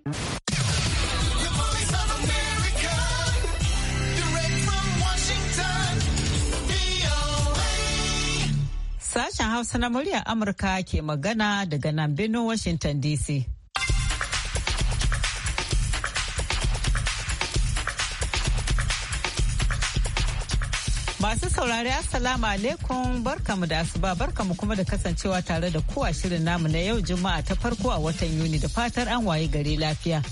Sashen Hausa na muryar Amurka ke magana daga nan Benin, Washington DC. saurari Assalamu alaikum barkamu da asuba barkamu kuma da kasancewa tare da kowa shirin namu na yau juma'a ta farko a watan Yuni da fatar an waye gari lafiya.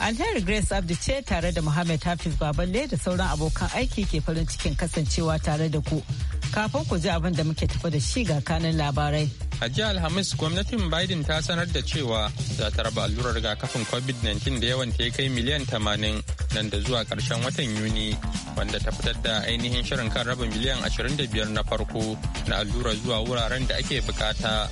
Alheri Grace Abdi ce tare da muhammed Hafiz Baballe da sauran abokan aiki ke farin cikin kasancewa tare da ku. Kafin ku ji abin da muke tafi da shi ga kanin labarai. A jiya Alhamis gwamnatin Biden ta sanar da cewa za ta raba allurar rigakafin COVID-19 da yawan ta ya kai miliyan tamanin nan da zuwa ƙarshen watan Yuni wanda ta fitar da ainihin shirin kan raba miliyan 25 na farko na allura zuwa wuraren da ake bukata.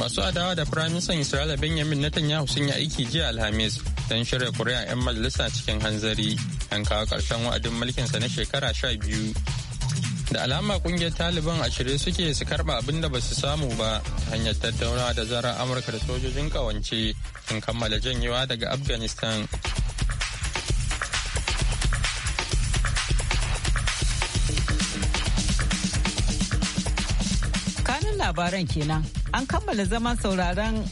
Masu adawa da Firaministan Isra'ila Benjamin Netanyahu sun yi aiki jiya Alhamis don shirya kuri'a 'yan majalisa cikin hanzari an kawo ƙarshen wa'adin mulkinsa na shekara sha biyu da alama kungiyar taliban a shirye suke su karba abin da ba su samu ba ta hanyar tattaunawa da zarar amurka da sojojin kawance sun kammala janyewa daga afghanistan kanin labaran kenan an kammala zaman sauraron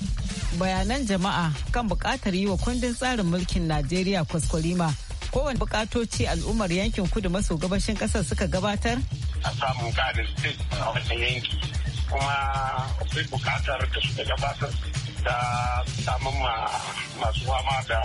bayanan jama'a kan bukatar yi wa kundin tsarin mulkin najeriya kwaskwarima kowane bukatoci al'ummar yankin kudu maso gabashin kasar suka gabatar a samun karin state a wata yanki kuma akwai buƙatar da su daga basar da samun masu fama da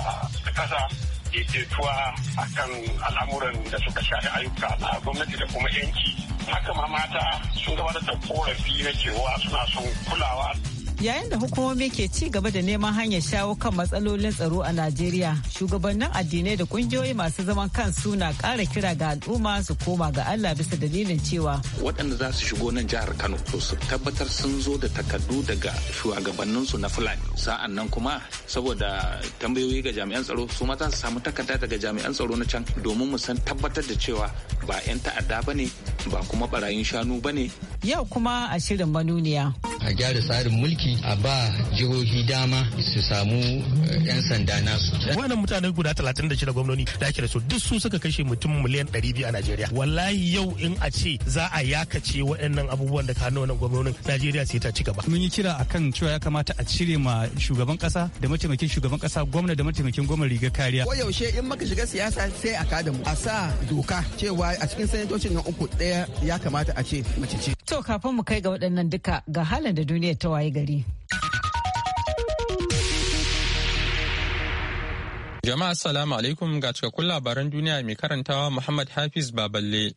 kasa daidaituwa a kan al'amuran da suka shafi ayyuka na gwamnati da kuma yanki haka ma mata sun gabatar da korafi na cewa suna son kulawa Yayin da hukumomi ke ci gaba da neman hanyar shawo kan matsalolin tsaro a Najeriya, shugabannin addinai da kungiyoyi masu zaman kansu na ƙara kira ga al'umma su koma ga Allah bisa dalilin cewa. Waɗanda za su shigo nan jihar Kano to su tabbatar sun zo da takardu daga shugabanninsu na Fulani. Sa'an nan kuma saboda tambayoyi ga jami'an tsaro su ma za su samu takarda daga jami'an tsaro na can domin mu san tabbatar da cewa ba 'yan ta'adda ba ne ba kuma barayin shanu ba ne. Yau kuma a shirin manuniya. A gyara tsarin mulki a ba jihohi dama su samu eh, 'yan sanda nasu. Wannan mutane guda 36 gwamnoni da ake da su duk su suka kashe mutum miliyan 200 a Najeriya. Wallahi yau in a ce za a yakace waɗannan abubuwan da kano wannan gwamnonin Najeriya sai ta ci gaba. Mun yi kira akan cewa ya kamata a cire ma shugaban kasa da mataimakin shugaban kasa gwamna da mataimakin gwamna riga kariya. Ko yaushe in maka shiga siyasa sai a kada mu a sa doka cewa a cikin sanatocin nan uku ɗaya ya kamata a ce mace ce. To kafin mu kai ga waɗannan duka ga halin da duniyar ta waye gari. Jama'a salamu alaikum ga cikakkun labaran duniya mai karantawa Muhammad Hafiz Baballe.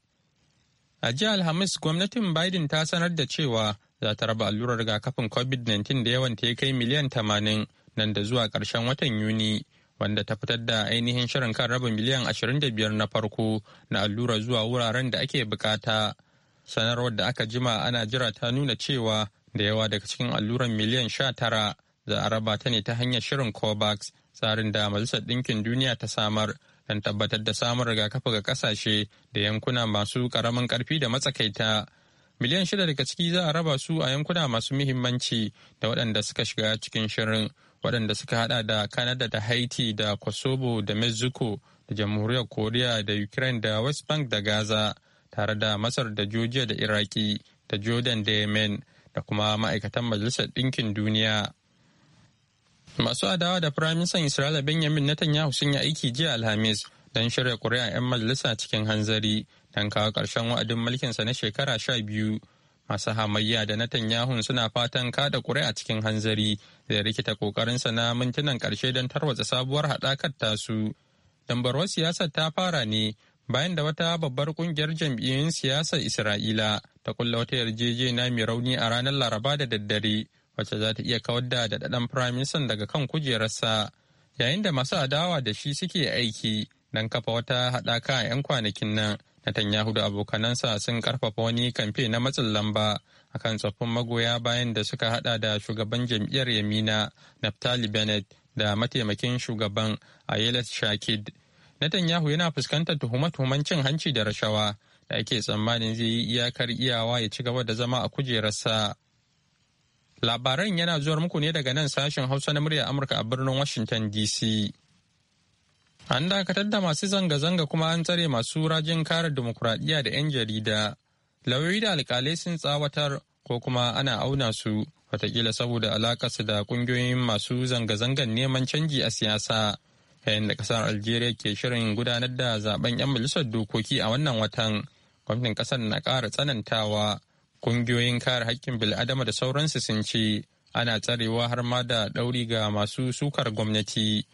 A jiya Alhamis gwamnatin Biden ta sanar da cewa za ta raba allurar rigakafin COVID-19 da yawan ta kai miliyan tamanin nan da zuwa ƙarshen watan Yuni, wanda ta fitar da ainihin shirin kan raba miliyan 25 na farko na allura zuwa wuraren da ake bukata. sanarwar da aka jima ana jira ta nuna cewa da yawa daga cikin alluran miliyan sha tara za a raba ta ne ta hanyar shirin covax tsarin da majalisar ɗinkin duniya ta samar don tabbatar da samun rigakafi ga kasashe da yankuna masu karamin karfi da matsakaita miliyan shida daga ciki za a raba su a yankuna masu muhimmanci da waɗanda suka shiga cikin shirin waɗanda suka hada da kanada da haiti da kosovo da mexico da jamhuriyar koriya da ukraine da west bank da gaza tare da masar da georgia da iraki da jordan da yemen da kuma ma'aikatan majalisar ɗinkin duniya masu adawa da firaministan isra'ila benjamin netanyahu sun yi aiki jiya alhamis don shirya kuri'a 'yan majalisa cikin hanzari don kawo ƙarshen wa'adin mulkinsa na shekara sha biyu masu hamayya da Netanyahu suna fatan kada ƙuri'a cikin hanzari da rikita ƙoƙarinsa na mintunan ƙarshe don tarwatsa sabuwar haɗakar tasu. Dambarwar siyasar ta fara ne bayan da wata babbar kungiyar jam'iyyun siyasar Isra'ila ta kulla wata yarjejeniya mai rauni a ranar Laraba da daddare wacce za ta iya kawar da daɗaɗɗen firaministan daga kan kujerarsa yayin da masu adawa da shi suke aiki don kafa wata haɗaka a 'yan kwanakin nan. Netanyahu da abokanansa sun karfafa wani kamfe na matsin lamba a kan tsoffin magoya bayan da suka hada da shugaban jam'iyyar Yamina Naftali Bennett da mataimakin shugaban Ayelet Shakid. Netanyahu yana fuskantar tuhume-tuhumen cin hanci da rashawa da ake tsammanin zai yi iyakar iyawa ya ci gaba da zama a kujerarsa. Labaran yana zuwar muku ne daga nan sashen Hausa na murya Amurka a birnin Washington DC. An dakatar da masu zanga-zanga kuma an tsare masu rajin kare dimokuraɗiyya da 'yan jarida. Lauyoyi da alkalai sun tsawatar ko kuma ana auna su watakila saboda alaƙarsu da ƙungiyoyin masu zanga-zangan neman canji a siyasa. yayin da kasar algeria ke shirin gudanar da zaben 'yan majalisar dokoki a wannan watan gwamnatin kasar na kara tsanantawa kungiyoyin kare haƙƙin bil'adama da sauransu sun ce ana tsarewa har ma da ɗauri ga masu sukar gwamnati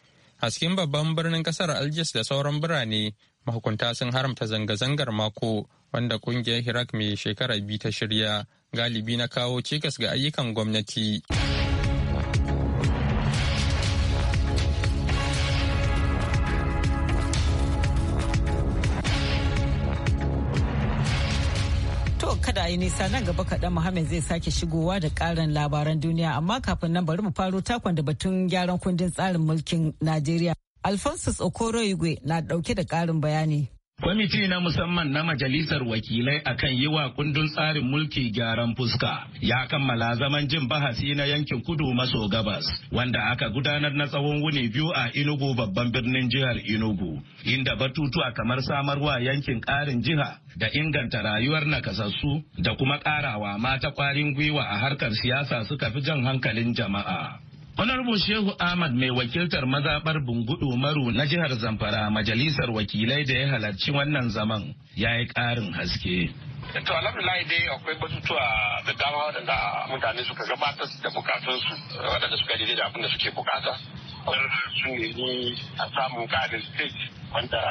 a cikin babban birnin kasar algiers da sauran birane mahukunta sun haramta zanga-zangar mako wanda kungiyar hirak mai shekara biyu ta shirya galibi na kawo cikas ga ayyukan gwamnati. yi nisa nan gaba kaɗan Muhammad zai sake shigowa da ƙarin labaran duniya amma kafin nan bari mu faro takon da batun gyaran kundin tsarin mulkin Najeriya. Alphonsus Okoro na ɗauke da ƙarin bayani. Kwamiti na musamman na Majalisar Wakilai akan yi wa kundin tsarin mulki gyaran fuska ya kammala zaman jin bahasi na yankin kudu maso gabas wanda aka gudanar na tsawon wuni biyu a inugu babban birnin jihar inugu inda batutuwa kamar samarwa yankin karin jiha da inganta rayuwar nakasassu da kuma ƙarawa mata kwarin gwiwa a harkar siyasa suka fi jan hankalin jama'a. Honorable Shehu Ahmad mai wakiltar mazaɓar Bungudu Maru na jihar Zamfara majalisar wakilai da ya halarci wannan zaman ya yi ƙarin haske. to alhamdulillah dai akwai batutuwa da dama da mutane suka gabatar da bukatunsu Wadanda suka daidai da abin da suke bukata su nemi a samun ƙarin state wanda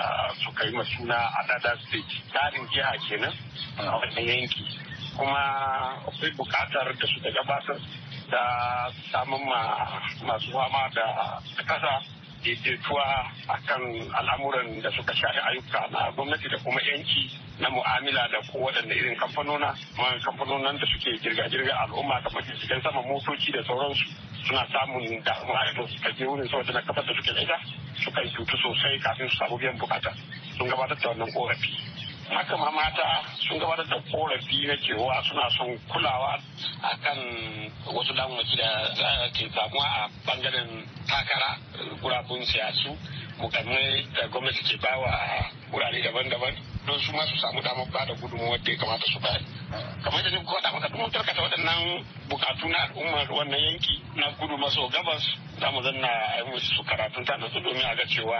suka yi masuna a dada state ƙarin jiha kenan a wani yanki kuma akwai bukatar da suka gabatar ta samun ma masu fama da kasa daidaituwa a kan al'amuran da suka shafi ayyuka na gwamnati da kuma yanci na mu'amala da ko waɗanda irin kamfanona man kamfanonan da suke jirga-jirga al'umma kamar jirgin sama motoci da sauransu suna samun damuwa idan suka je wurin saboda na kafa da suke da ita sukan cutu sosai kafin su samu biyan bukata sun gabatar da wannan korafi haka ma mata sun gabatar da korafi na cewa suna son kulawa akan wasu damuwaci da ke samuwa a bangaren takara gurabun siyasu mukammai da gwamnati ke bawa wurare daban-daban don su ma su samu damar ba da gudunmuwar da ya kamata su bayar kamar da ni faɗa maka mun tarkata waɗannan bukatu na al'ummar wannan yanki na gudu maso gabas za mu zanna a yi musu karatun ta nasu domin a ga cewa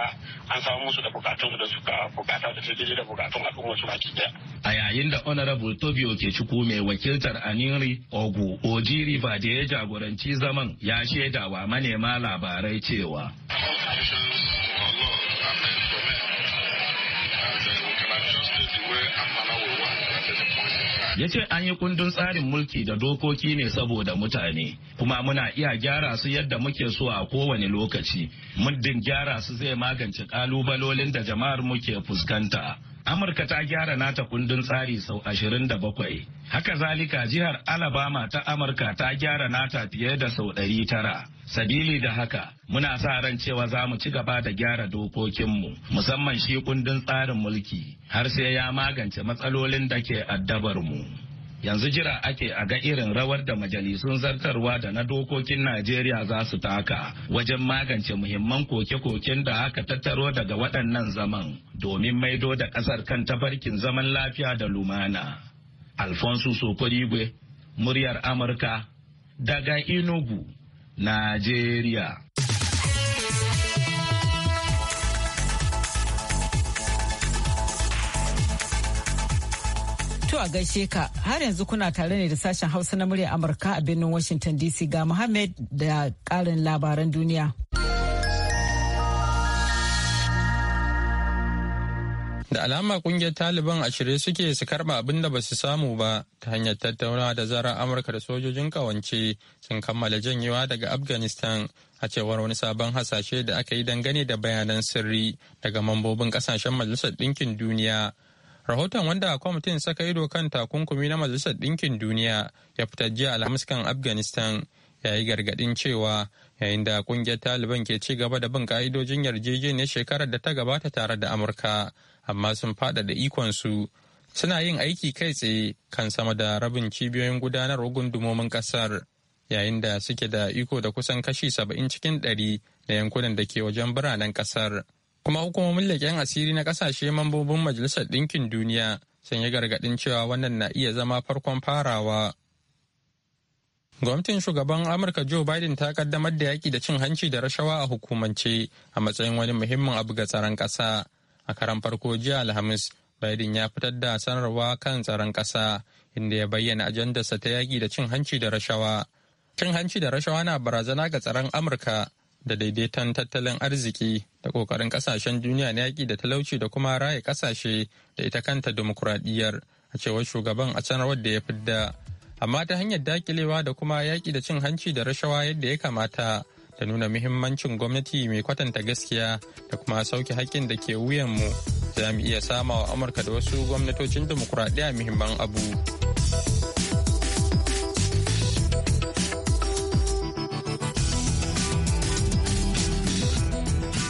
an samu musu da bukatun da suka bukata da ta da bukatun al'ummar su baki ɗaya. A yayin da Honorable Tobio ke ciku mai wakiltar Aniri Ogu Ojiri ba da ya jagoranci zaman ya wa manema labarai cewa. ya ce an yi kundin tsarin mulki da dokoki ne saboda mutane kuma muna iya gyara su yadda muke so a kowane lokaci muddin gyara su zai magance kalubalolin da jama'ar muke fuskanta Amurka ta gyara nata kundin tsari sau ashirin da bakwai Haka zalika jihar Alabama ta Amurka ta gyara nata fiye da sau 900. Sabili da haka, muna sa ran cewa za mu ci gaba da gyara dokokinmu, musamman shi kundin tsarin mulki, har sai ya magance matsalolin da ke addabarmu. yanzu jira ake a ga irin rawar da majalisun zartarwa da na dokokin najeriya za su taka wajen magance muhimman koke-koken da aka tattaro daga waɗannan zaman domin maido da ƙasar kan tafarkin zaman lafiya da lumana alfonso sokorigwe muryar amurka daga inugu najeriya To a gaishe ka har yanzu kuna tare ne da sashen Hausa na murya Amurka a birnin Washington DC ga Muhammad da karin labaran duniya. Da alama kungiyar Taliban a shirye suke su karba abin da ba su samu ba ta hanyar tattaunawa da zarar Amurka da sojojin kawance sun kammala janyewa daga Afghanistan a cewar wani sabon hasashe da aka yi dangane da bayanan sirri daga mambobin kasashen Majalisar Ɗinkin Duniya. Rahoton wanda kwamitin saka ido kan takunkumi na Majalisar Ɗinkin Duniya ya fitar jiya Alhamis kan Afghanistan ya yi gargaɗin cewa yayin da ƙungiyar Taliban ke ci gaba da bin ƙa'idojin yarjejeniyar shekarar da ta gabata tare da Amurka, amma sun faɗaɗa ikonsu. Suna yin aiki kai tsaye kan sama da rabin cibiyoyin gudanarwa gundumomin ƙasar, yayin da suke da iko da kusan kashi saba'in cikin ɗari na yankunan da ke wajen biranen ƙasar. kuma hukumomin leƙen asiri na ƙasashe mambobin majalisar ɗinkin duniya sun yi gargaɗin cewa wannan na iya zama farkon farawa gwamnatin shugaban amurka joe biden ta kaddamar da yaƙi da cin hanci da rashawa a hukumance a matsayin wani muhimmin abu ga tsaron ƙasa a karan farko jiya alhamis biden ya fitar da sanarwa kan tsaron ƙasa inda ya bayyana ajandarsa ta yaƙi da cin hanci da rashawa cin hanci da rashawa na barazana ga tsaron amurka da daidaiton tattalin arziki da ƙoƙarin ƙasashen duniya na yaƙi da talauci da kuma raye ƙasashe da ita kanta demokuraɗiyyar a cewar shugaban a rawar da ya fidda amma ta hanyar dakilewa da kuma yaƙi da cin hanci da rashawa yadda ya kamata da nuna muhimmancin gwamnati mai kwatanta gaskiya da kuma sauke haƙƙin da ke wuyanmu za mu iya sama wa amurka da wasu gwamnatocin demokuraɗiyya muhimman abu.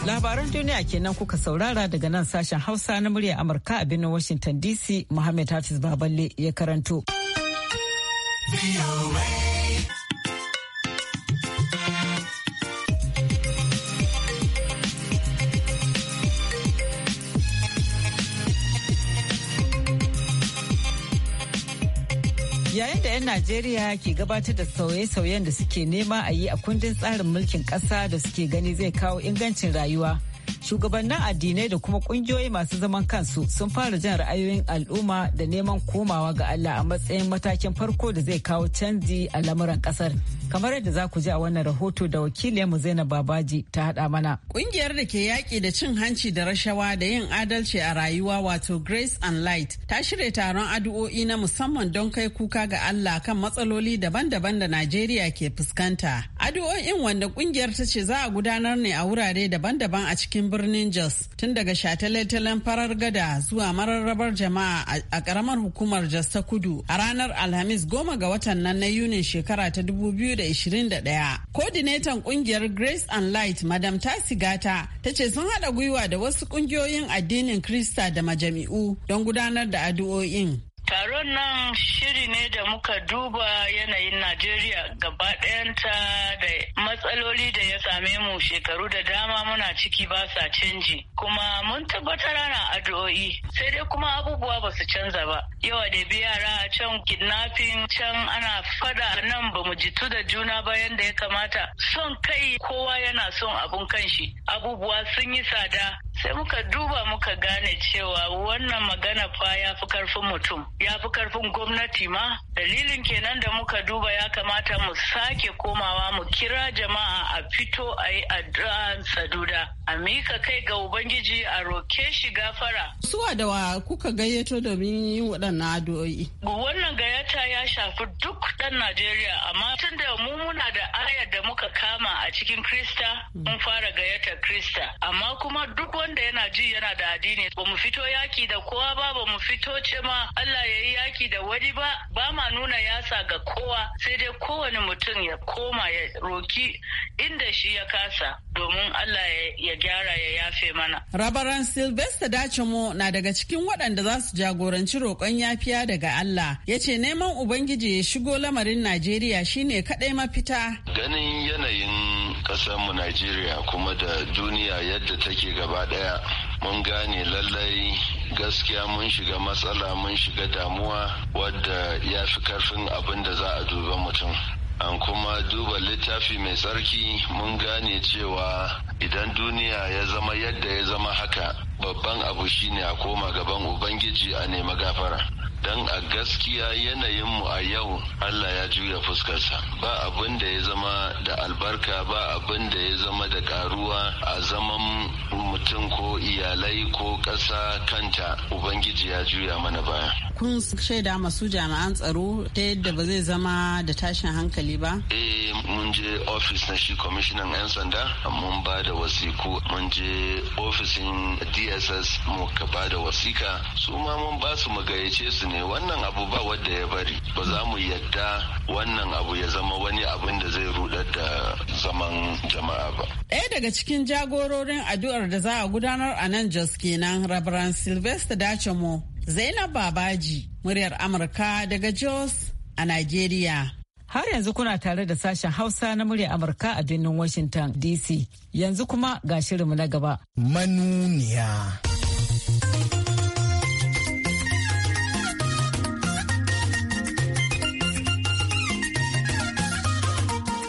Labaran duniya kenan kuka saurara daga nan sashen Hausa na murya Amurka a birnin Washington DC Muhammad Hafiz Baballe ya karanto. yayin da 'yan najeriya ke gabatar da sauye-sauyen da suke nema a yi a kundin tsarin mulkin ƙasa da suke gani zai kawo ingancin rayuwa shugabannin addinai da kuma ƙungiyoyi masu zaman kansu sun fara jan ra'ayoyin al'umma da neman komawa ga allah a matsayin matakin farko da zai kawo canji a lamuran ƙasar kamar yadda za ku ji a wannan rahoto da wakiliyarmu zainab babaji ta haɗa mana ƙungiyar da ke yaƙi da cin hanci da rashawa da yin adalci a rayuwa wato grace and light ta shirya taron addu'o'i na musamman don kai kuka ga allah kan matsaloli daban-daban da najeriya ke fuskanta addu'o'in wanda ƙungiyar ta ce za a gudanar ne a wurare daban-daban a cikin birnin jos tun daga shataletalen farar gada zuwa mararrabar jama'a a ƙaramar hukumar jos ta kudu a ranar alhamis goma ga watan nan na yunin shekara ta dubu biyu 2021. Kodinetan kungiyar Grace and Light Madam Gata, ta ce sun haɗa gwiwa da wasu ƙungiyoyin addinin Krista da majami'u don gudanar da addu'o'in. wannan shiri ne da muka duba yanayin Najeriya gaba ɗayanta da matsaloli da ya same mu shekaru da dama muna ciki ba sa canji. Kuma mun tabbatar ana addu'o'i sai dai kuma abubuwa ba su canza ba. Yawa da bi yara can kidnapping can ana fada nan ba mu jitu da juna ba yanda ya kamata. Son kai kowa yana son abun kanshi. Abubuwa sun yi tsada sai muka duba muka gane cewa wannan magana fa ya fi karfin mutum ya fi karfin gwamnati ma dalilin kenan da muka duba ya kamata mu sake komawa mu kira jama'a a fito a yi addu'an saduda a mika kai ga ubangiji a roke shi gafara suwa da wa kuka gayyato domin yin waɗannan addu'o'i wannan gayyata ya shafi duk ɗan najeriya amma tun da mu muna da ayar da muka kama a cikin krista mun fara gayyatar krista amma kuma duk wanda yana ji yana da addini ba mu fito yaki da kowa ba ba mu fito ce ma Allah ya yi yaki da wani ba ba ma nuna yasa ga kowa sai dai kowane mutum ya koma ya roki inda shi ya kasa domin Allah ya gyara ya yafe mana. Rabaran Sylvester mu na daga cikin waɗanda za su jagoranci roƙon yafiya daga Allah ya ce neman Ubangiji ya shigo lamarin Najeriya shine kaɗai mafita. Ganin yanayin ƙasarmu Najeriya kuma da duniya yadda take gaba ɗaya mun gane lallai gaskiya mun shiga matsala mun shiga damuwa wadda ya fi karfin abin da za a duba mutum an kuma duba littafi mai tsarki mun gane cewa idan duniya ya zama yadda ya zama haka babban abu shine a koma gaban ubangiji a nema gafara don a gaskiya yanayin mu a yau allah ya juya fuskarsa ba abin da ya zama da albarka ba abin da ya zama da karuwa a zaman mutum ko iyalai ko ƙasa kanta ubangiji ya juya mana baya kun shaida masu jami'an tsaro ta yadda ba zai zama da tashin hankali ba eh mun je ofis na shi kwamishinan 'yan sanda mun ba da wasiku mun je ofisin dss muka ba da wasika su ma mun ba su magayace su ne wannan abu ba wadda ya bari ba za mu yadda wannan abu ya zama wani abin da zai rudar da zaman jama'a ba ɗaya daga cikin jagororin addu'ar da za a gudanar a nan jos kenan rabaran sylvester dachamo zainab babaji muryar amurka daga jos a nigeria Har yanzu kuna tare da sashen Hausa na murya Amurka a birnin Washington DC. Yanzu kuma ga shirinmu na gaba. Manuniya.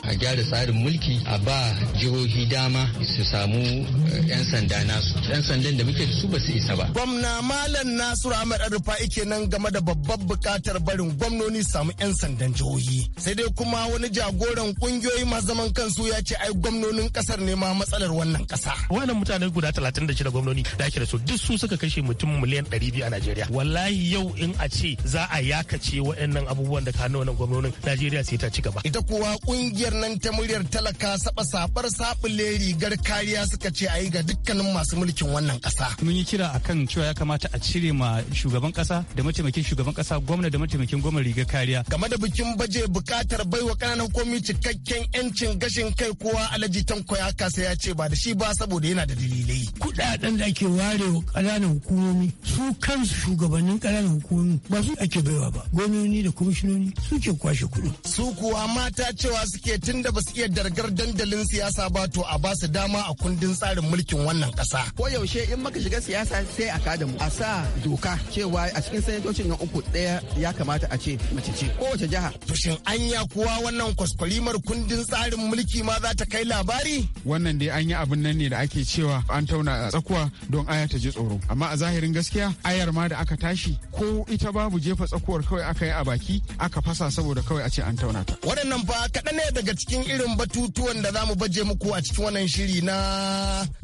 A gyara tsarin mulki a ba jihohi dama su samu eh, 'yan sanda nasu. 'yan sandan da muke da su ba su isa ba. Gwamna Malam Nasiru Ahmed Arufa'i kenan game da babbar bukatar barin gwamnoni samu 'yan sandan jihohi. Sai dai kuma wani jagoran kungiyoyi masu zaman kansu ya ce ai gwamnonin kasar ne ma matsalar wannan kasa. Wannan mutane guda 36 gwamnoni da ake da su duk su suka kashe mutum miliyan 200 a Najeriya. Wallahi yau in a ce za a yakace waɗannan abubuwan da ka hannu wannan gwamnonin Najeriya sai ta ci gaba. Ita kuwa ƙungiyar nan ta muryar talaka saba sabar sabule rigar kariya suka ce a yi ga dukkanin masu mulki mulkin wannan kasa. Mun yi kira akan cewa ya kamata a cire ma shugaban kasa da mataimakin shugaban kasa gwamna da mataimakin gwamna riga kariya. Game da bikin baje bukatar baiwa kananan komi cikakken 'yancin gashin kai kowa alhaji tanko ya kasa ya ce ba da shi ba saboda yana da dalilai. Kuɗaɗen da ake ware wa ƙananan hukumomi su kansu shugabannin ƙananan hukumomi ba su ake baiwa ba. Gwamnoni da kwamishinoni suke kwashe kuɗi. Su kuwa mata cewa suke tun da ba su iya dargar dandalin siyasa ba to a ba su dama a kundin tsarin mulkin wannan kasa. ko yaushe in maka shiga siyasa sai a kada mu a sa doka cewa a cikin sanatocin na uku ɗaya ya kamata a ce mace ce kowace jiha. To shin anya kuwa wannan kwaskwalimar kundin tsarin mulki ma za ta kai labari? Wannan dai an yi abin nan ne da ake cewa an tauna a tsakuwa don aya ta ji tsoro. Amma a zahirin gaskiya ayar ma da aka tashi ko ita babu jefa tsakuwar kawai aka yi a baki aka fasa saboda kawai a ce an tauna ta. Waɗannan fa kaɗan ne daga cikin irin batutuwan da za mu baje muku a cikin wannan shiri na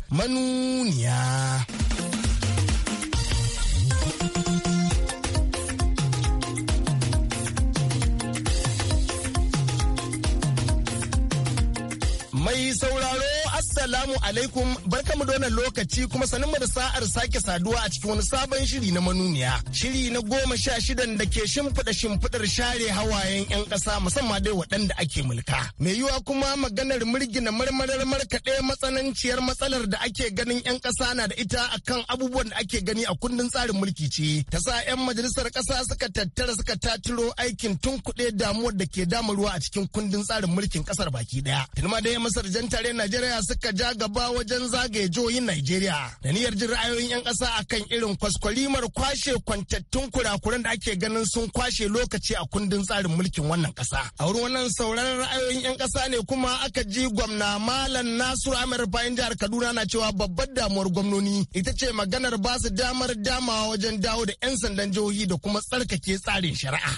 manuniya. Mai saura Assalamu alaikum barkamu da wannan lokaci kuma sanin da sa'ar sake saduwa a cikin wani sabon shiri na manuniya. Shiri na goma sha shidan da ke shimfiɗa shimfiɗar share hawayen 'yan kasa musamman dai waɗanda ake mulka. Mai yiwa kuma maganar na marmarar markaɗe matsananciyar matsalar da ake ganin 'yan kasa na da ita akan abubuwan da ake gani a kundin tsarin mulki ce. Ta sa 'yan majalisar ƙasa suka tattara suka tatiro aikin kuɗe damuwar da ke dama a cikin kundin tsarin mulkin ƙasar baki ɗaya. Tunma dai masarjan tare Najeriya suka ja gaba wajen zagaye jihohin Najeriya da niyyar jin ra'ayoyin 'yan ƙasa akan irin kwaskwalimar kwashe kwantattun kurakuran da ake ganin sun kwashe lokaci a kundin tsarin mulkin wannan ƙasa. A wurin wannan sauraron ra'ayoyin 'yan ƙasa ne kuma aka ji gwamna Malam Nasiru Amir bayan jihar Kaduna na cewa babbar damuwar gwamnoni ita ce maganar ba su damar damawa wajen dawo da 'yan sandan jihohi da kuma tsarkake tsarin shari'a.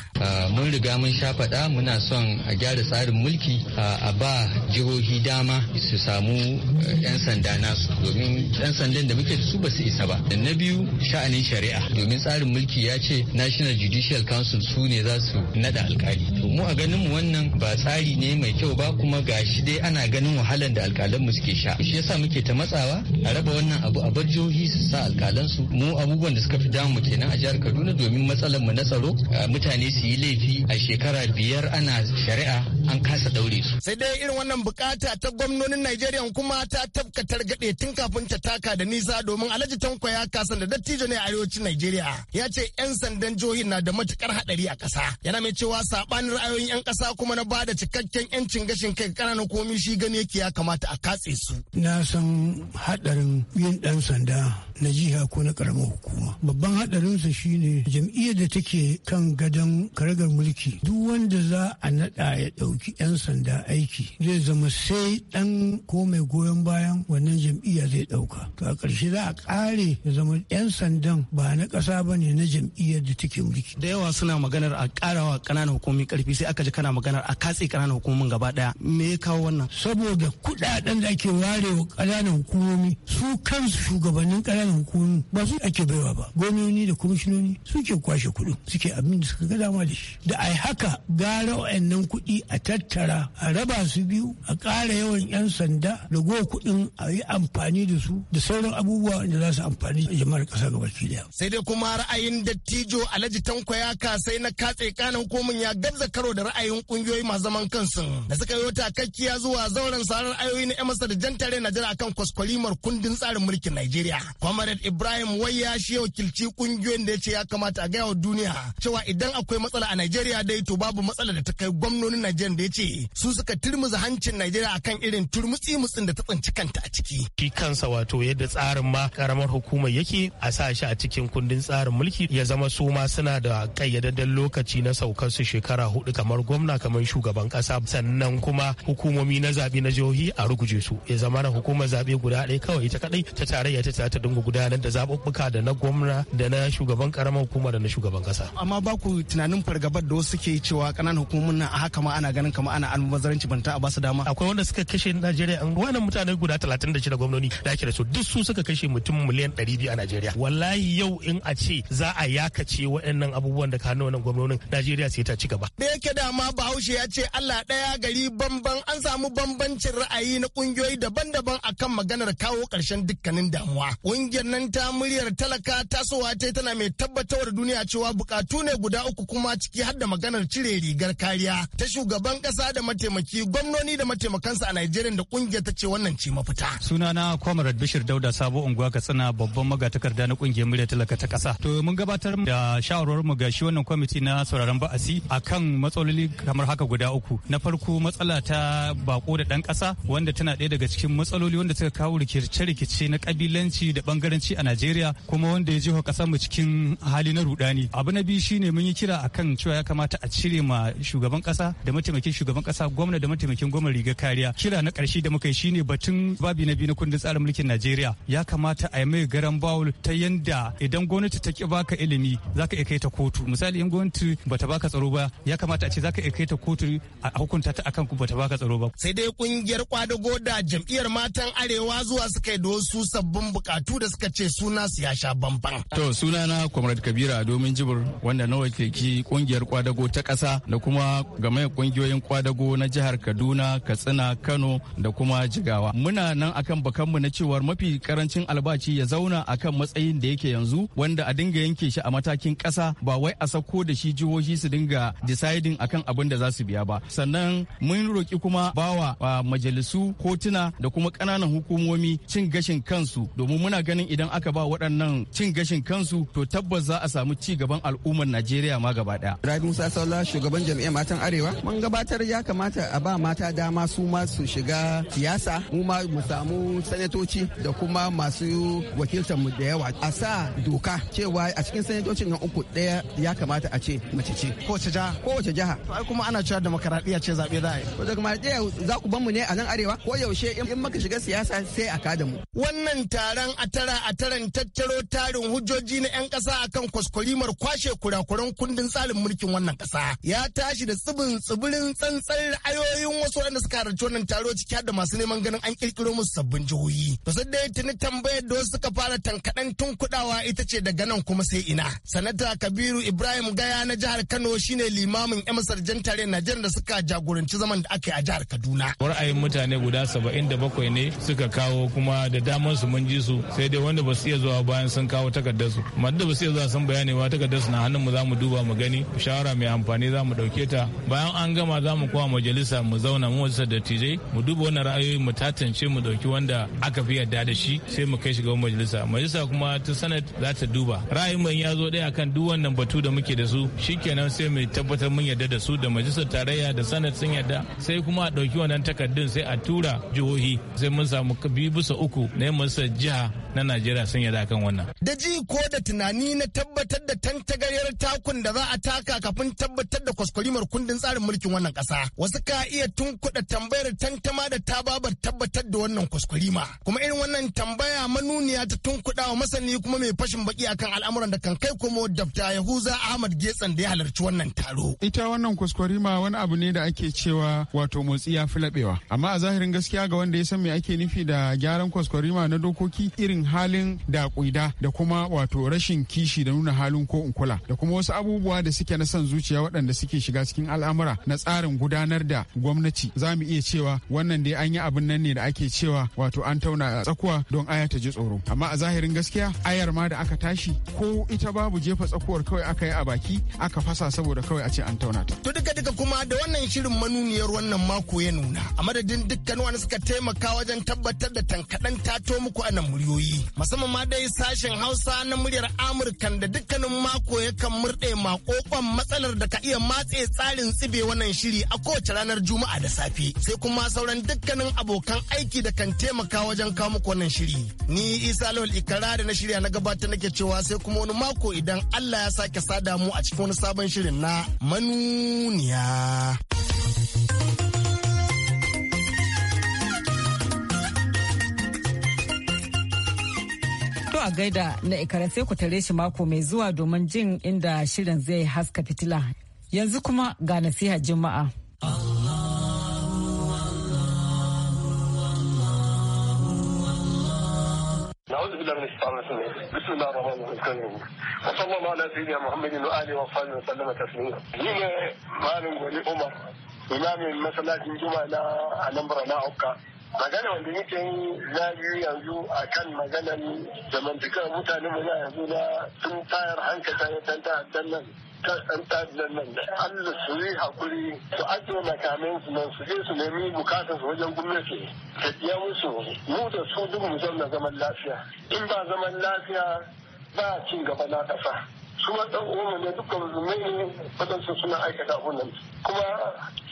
Mun riga mun sha faɗa muna son a gyara tsarin mulki a ba jihohi dama su samu 'yan sanda nasu domin 'yan sandan da muke su ba su isa ba da na biyu sha'anin shari'a domin tsarin mulki ya ce national judicial council su ne za su nada alkali to mu a ganin mu wannan ba tsari ne mai kyau ba kuma gashi dai ana ganin wahalan da alkalan mu suke sha shi yasa muke ta matsawa a raba wannan abu a bar jihohi su sa alkalan su mu abubuwan da suka fi damu kenan a jihar Kaduna domin matsalar mu na tsaro mutane su yi laifi a shekara biyar ana shari'a an kasa daure su sai dai irin wannan bukata ta gwamnonin Najeriya kuma kuma ta tafka targaɗe tun kafin ta taka da nisa domin alhaji tanko ya kasan da dattijo ne a arewacin Najeriya ya ce 'yan sandan jihohin na da matukar haɗari a kasa Yana mai cewa saɓanin ra'ayoyin 'yan kasa kuma na bada cikakken 'yancin gashin kai kananan komi shi gani yake ya kamata a katse su. Na san haɗarin yin dan sanda na jiha ko na karamar hukuma. Babban sa shine jam'iyyar da take kan gadon karagar mulki duk wanda za a naɗa ya ɗauki 'yan sanda aiki zai zama sai dan ko mai goyon bayan wannan jam'iyya zai ɗauka to a ƙarshe za a ƙare ya zama 'yan sandan ba na ƙasa ba ne na jam'iyyar da take mulki da yawa suna maganar a ƙarawa ƙananan hukumomi ƙarfi sai aka ji kana maganar a katse ƙananan hukumomin gaba ɗaya me ya kawo wannan saboda kuɗaɗen da ake warewa ƙananan hukumomi su kansu shugabannin ƙananan hukumomi ba su ake baiwa ba gwamnoni da kwamishinoni suke kwashe kuɗin suke abin da suka ga dama da shi da ai haka gara wa'annan kuɗi a tattara a raba su biyu a ƙara yawan 'yan sanda da shigo kuɗin a yi amfani da su da sauran abubuwa da za su amfani jama'ar ƙasa gabaki daya. sai dai kuma ra'ayin dattijo alhaji tanko ya kasai na katse kanan komin ya gaza karo da ra'ayin kungiyoyi masu zaman kansu da suka yi kakkiya zuwa zauren sarar ayoyi na 'yan masa da jan tare najeriya akan kwaskwalimar kundin tsarin mulkin najeriya comrade ibrahim wai ya shi ya wakilci kungiyoyin da ya ce ya kamata a gaya wa duniya cewa idan akwai matsala a najeriya dai to babu matsala da ta kai gwamnonin najeriya da ya ce su suka turmuza hancin najeriya akan irin turmutsi mutsin da ta tsinci kanta a ciki. Shi kansa wato yadda tsarin ma karamar hukumar yake a sa shi a cikin kundin tsarin mulki ya zama su ma suna da kayyadadden lokaci na saukar su shekara hudu kamar gwamna kamar shugaban kasa sannan kuma hukumomi na zaɓe na jihohi a ruguje su ya zama na hukumar zaɓe guda ɗaya kawai ita kaɗai ta tarayya ta ta dinga gudanar da zaɓuɓɓuka da na gwamna da na shugaban karamar hukuma da na shugaban kasa. Amma ba ku tunanin fargabar da wasu ke cewa ƙananan hukumomin na haka ma ana ganin kama ana almubazzaranci banta a basu dama. Akwai wanda suka kashe Najeriya an wannan mutane guda 36 gwamnoni da ake da su duk su suka kashe mutum miliyan 200 a Najeriya wallahi yau in a ce za a yakace waɗannan abubuwan da kano wannan gwamnonin Najeriya sai ta ci gaba da yake dama Bahaushe ya ce Allah ɗaya gari bamban an samu bambancin ra'ayi na kungiyoyi daban-daban a kan maganar kawo ƙarshen dukkanin damuwa ƙungiyar nan ta muryar talaka tasowa ta tana mai tabbatar da duniya cewa bukatu ne guda uku kuma ciki har da maganar cire rigar kariya ta shugaban ƙasa da mataimaki gwamnoni da mataimakansa a Najeriya da ƙungiyar ta ce wannan ce mafita sunana comrade bishir dauda sabo unguwa katsina babban magatakarda na kungiyar murya talaka ta kasa to mun gabatar da shawarwar mu ga shi wannan kwamiti na sauraron ba'asi a kan matsaloli kamar haka guda uku na farko matsala ta bako da dan kasa wanda tana ɗaya daga cikin matsaloli wanda suka kawo rikice-rikice na kabilanci da bangaranci a Najeriya kuma wanda ya jiho kasar mu cikin hali na rudani abu na biyu shine mun yi kira akan cewa ya kamata a cire ma shugaban kasa da mataimakin shugaban kasa gwamna da mataimakin gwamna riga kariya kira na karshe da muka yi shine batun babi na biyu na kundin tsarin mulkin Najeriya ya kamata a yi mai garan bawul ta yanda idan gwamnati ta ki baka ilimi zaka iya kai ta kotu misali in gwamnati bata baka tsaro ba ya kamata a ce zaka iya kai ta kotu a hukunta ta akan ku bata baka tsaro ba sai dai kungiyar kwadago da jam'iyyar matan arewa zuwa suka yi da wasu sabbin bukatu da suka ce suna su ya sha bamban to sunana comrade kabira domin jibir wanda nawa ki kungiyar kwadago ta kasa da kuma game kungiyoyin kwadago na jihar kaduna katsina kano da kuma jiga muna nan akan mu na cewar mafi karancin albashi ya zauna akan matsayin da yake yanzu wanda a dinga yanke shi a matakin kasa ba wai a sako da shi jihohi su dinga deciding akan abin da za su biya ba sannan mun roki kuma bawa majalisu kotuna da kuma ƙananan hukumomi cin gashin kansu domin muna ganin idan aka ba waɗannan cin gashin kansu to tabbas za a samu ci gaban al'ummar Najeriya ma gaba ɗaya. Rabi Musa Saula shugaban jami'ar matan Arewa mun gabatar ya kamata a ba mata dama su ma su shiga siyasa mu ma mu samu sanatoci da kuma masu wakiltar mu da yawa a sa doka cewa a cikin sanatocin nan uku daya ya kamata a ce mace ce kowace ko kowace jaha. to ai kuma ana cewa demokradiya ce zabe za a yi kuma dai za ku ban mu ne a nan arewa ko yaushe in maka shiga siyasa sai a kada mu wannan taron a tara a taron tattaro tarin hujjoji na 'yan ƙasa akan kwaskwarimar kwashe kurakuran kundin tsarin mulkin wannan ƙasa ya tashi da tsibin tsibirin tsantsar ra'ayoyin wasu wanda suka halarci wannan taro ciki da masu neman ganin an kirkiro musu sabbin jihohi to sai dai tuni tambayar da wasu suka fara tankaɗen tun kudawa ita ce daga nan kuma sai ina sanata kabiru ibrahim gaya na jihar kano shine limamin yan masarjan tare najeriya da suka jagoranci zaman da aka yi a jihar kaduna ra'ayin mutane guda saba'in da bakwai ne suka kawo kuma da damar su mun ji su sai dai wanda ba su iya zuwa bayan sun kawo takardar su amma da ba su iya zuwa sun bayani ba takardar su na hannun mu za mu duba mu gani shawara mai amfani za mu ɗauke ta bayan an gama za mu kowa majalisa mu zauna mu da dattijai mu duba wannan ra'ayoyi mu ta tance mu dauki wanda aka fi yarda da shi sai mu kai shi ga majalisa majalisa kuma ta sanad za ta duba ra'ayin mu ya zo daya akan duk wannan batu da muke da su shikenan sai mu tabbatar mun yarda da su da majalisar tarayya da sanad sun yarda sai kuma a dauki wannan takardun sai a tura jihohi sai mun samu bi bisa uku na majalisar jiha na Najeriya sun yarda kan wannan. Da ji ko da tunani na tabbatar da tantagaryar takun da za a taka kafin tabbatar da kwaskwarimar kundin tsarin mulkin wannan kasa Wasu ka iya tunkuɗa tambayar tantama da tababar tabbatar da wannan kwaskwarima. Kuma irin wannan tambaya manuniya ta tunkuɗa wa masani kuma mai fashin baki akan al'amuran da kan kai kuma dafta Yahuza Ahmad Getsan da ya halarci wannan taro. Ita wannan kwaskwarima wani abu ne da ake cewa wato motsi ya fi laɓewa. Amma a zahirin gaskiya ga wanda ya san me ake nufi da gyaran kwaskwarima na dokoki irin halin da kuida da kuma wato rashin kishi da nuna halin ko in kula da kuma wasu abubuwa da suke na son zuciya waɗanda suke shiga cikin al'amura na tsarin gudanar da gwamnati za mu iya cewa wannan dai an yi abin nan ne da ake cewa wato an tauna a tsakuwa don aya ta ji tsoro amma a zahirin gaskiya ayar ma da aka tashi ko ita babu jefa tsakuwar kawai aka yi a baki aka fasa saboda kawai a ce an tauna ta to duka duka kuma da wannan shirin manuniyar wannan mako ya nuna a madadin dukkan wani suka taimaka wajen tabbatar da tankaɗan to muku a nan muryoyi yi musamman ma dai sashen hausa na muryar amurkan da dukkanin mako yakan murɗe makokon matsalar da ka iya matse tsarin tsibe wannan shiri a kowace ranar juma'a da safe sai kuma sauran dukkanin abokan aiki da kan taimaka wajen kawo muku wannan shiri ni isa lawal ikara da na shirya na gabata nake cewa sai kuma wani mako idan allah ya sake sada mu a cikin wani sabon shirin na manuniya. a gaida na ikara sai ku tare shi mako mai zuwa domin jin inda shirin zai haska fitila. Yanzu kuma ga nasiha Juma'a. نعوذ بالله من الشيطان الرجيم بسم الله الرحمن الرحيم وصلى الله على سيدنا محمد واله وصحبه وسلم تسليما نينا مالن ولي عمر imamin masallacin juma'a na anambra na hauka magana wanda yake yi biyu yanzu a kan maganar zamantakar mutane mu na yanzu na sun tayar hankata ya tanta a nan kan ɗan nan da Allah su yi hakuri su ajiye makamin su nan su je su nemi bukatar su wajen gwamnati ta biya musu mu da su duk mu zauna zaman lafiya in ba zaman lafiya ba cin gaba na kasa su ma ɗan uwan ne duka musulmai ne waɗansu suna aikata abun nan kuma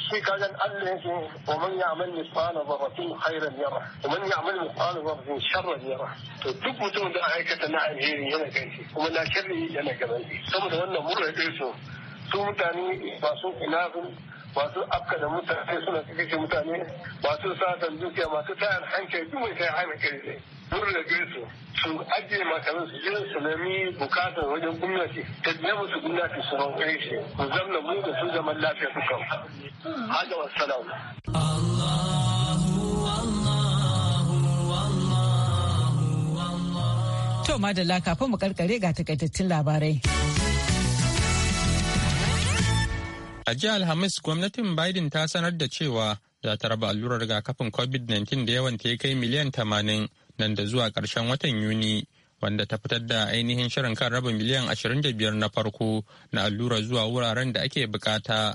shi kagan Allah yake wa man ya'mal misqala dharratin khairan yara wa man ya'mal misqala dharratin sharran yara to duk mutum da aikata na alheri yana kai kuma na sharri yana gaban saboda wannan murna ɗaya su mutane ba su ilafin wato afka da mutane suna kashe mutane masu satan dukiya masu tayar hankali duk mai tayar hankali ne mun da su su ajiye makarin su jiran su nemi bukatar wajen gwamnati ta nemi musu gwamnati su roƙe shi ku zamna mu da su zaman lafiya su kan hada wassalam To madalla kafin mu karkare ga takaitattun labarai. A jiya Alhamis, gwamnatin Biden ta sanar da cewa za ta raba allurar rigakafin COVID-19 da yawan ta kai miliyan tamanin nan da zuwa ƙarshen watan Yuni, wanda ta fitar da ainihin shirin kan raba miliyan 25 na farko na allurar zuwa wuraren da ake bukata.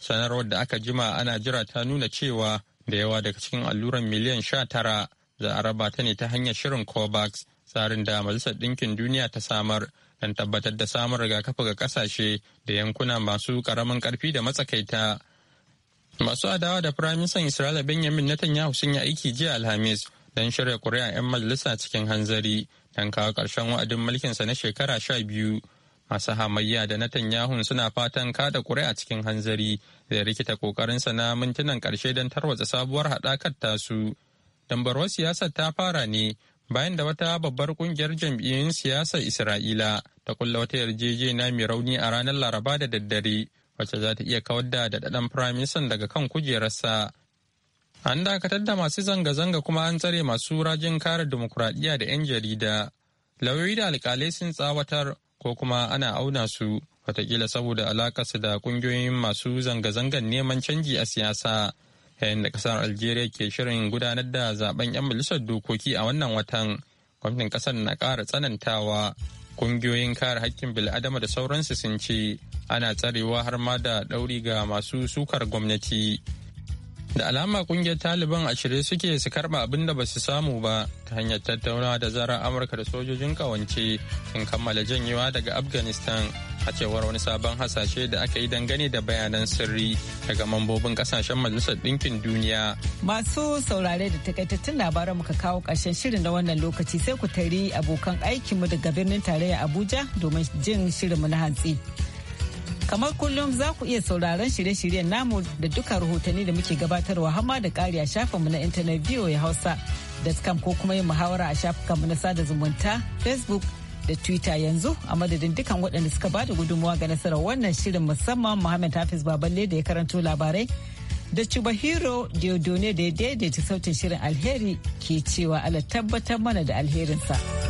Sanarwar da aka jima ana jira ta nuna cewa da yawa daga cikin alluran miliyan 19 za a raba ta ne ta hanyar shirin COVAX, tsarin da Majalisar Ɗinkin Duniya ta samar dan tabbatar da samun rigakafi ga kasashe da yankuna masu karamin karfi da matsakaita. Masu adawa da firaministan Isra'ila Benjamin Netanyahu sun yi aiki jiya Alhamis don shirya kuri'a 'yan majalisa cikin hanzari don kawo ƙarshen wa'adin mulkinsa na shekara sha biyu. Masu hamayya da Netanyahu suna fatan kada kuri'a cikin hanzari zai rikita ƙoƙarinsa na mintunan ƙarshe don tarwatsa sabuwar haɗakar tasu. Dambarwar siyasar ta fara ne bayan da wata babbar kungiyar jam'iyyun siyasar Isra'ila ta kulla wata yarjejeniya mai rauni a ranar Laraba da daddare wacce za ta iya kawar da daɗaɗɗen firaministan daga kan kujerarsa. An dakatar da masu zanga-zanga kuma an tsare masu rajin kare dimokuraɗiyya da 'yan jarida. Lauyoyi da alƙalai sun tsawatar ko kuma ana auna su wataƙila saboda alakarsu da ƙungiyoyin masu zanga-zangan neman canji a siyasa. yayin da kasar algeria ke shirin gudanar da zaben 'yan majalisar dokoki a wannan watan gwamnatin kasar na ƙara tsanantawa kungiyoyin kare hakkin bil'adama da sauransu sun ce ana tsarewa har ma da ɗauri ga masu sukar gwamnati da alama kungiyar taliban a shirye suke su karba abin da ba su samu ba ta hanyar tattaunawa da zarar amurka da sojojin kawance sun kammala janyewa daga afghanistan a cewar wani sabon hasashe da aka yi dangane da bayanan sirri daga mambobin kasashen majalisar ɗinkin duniya masu saurare da takaitattun labaran muka kawo ƙarshen shirin na wannan lokaci sai ku tari abokan aikinmu daga birnin tarayya abuja domin jin shirinmu na hantsi Kamar kullum za ku iya sauraron shirye-shiryen namu da duka rahotanni da muke gabatarwa hama da ƙari a shafinmu na intanet ya Hausa da ko kuma yin muhawara a shafukanmu na sada zumunta Facebook da Twitter yanzu a madadin dukan waɗanda suka bada gudunmawa ga nasarar wannan shirin musamman Muhammad Hafiz Baballe da ya karanto labarai da cuba hero Diodone da ya daidaita sautin shirin alheri ke cewa ala tabbatar mana da alherinsa.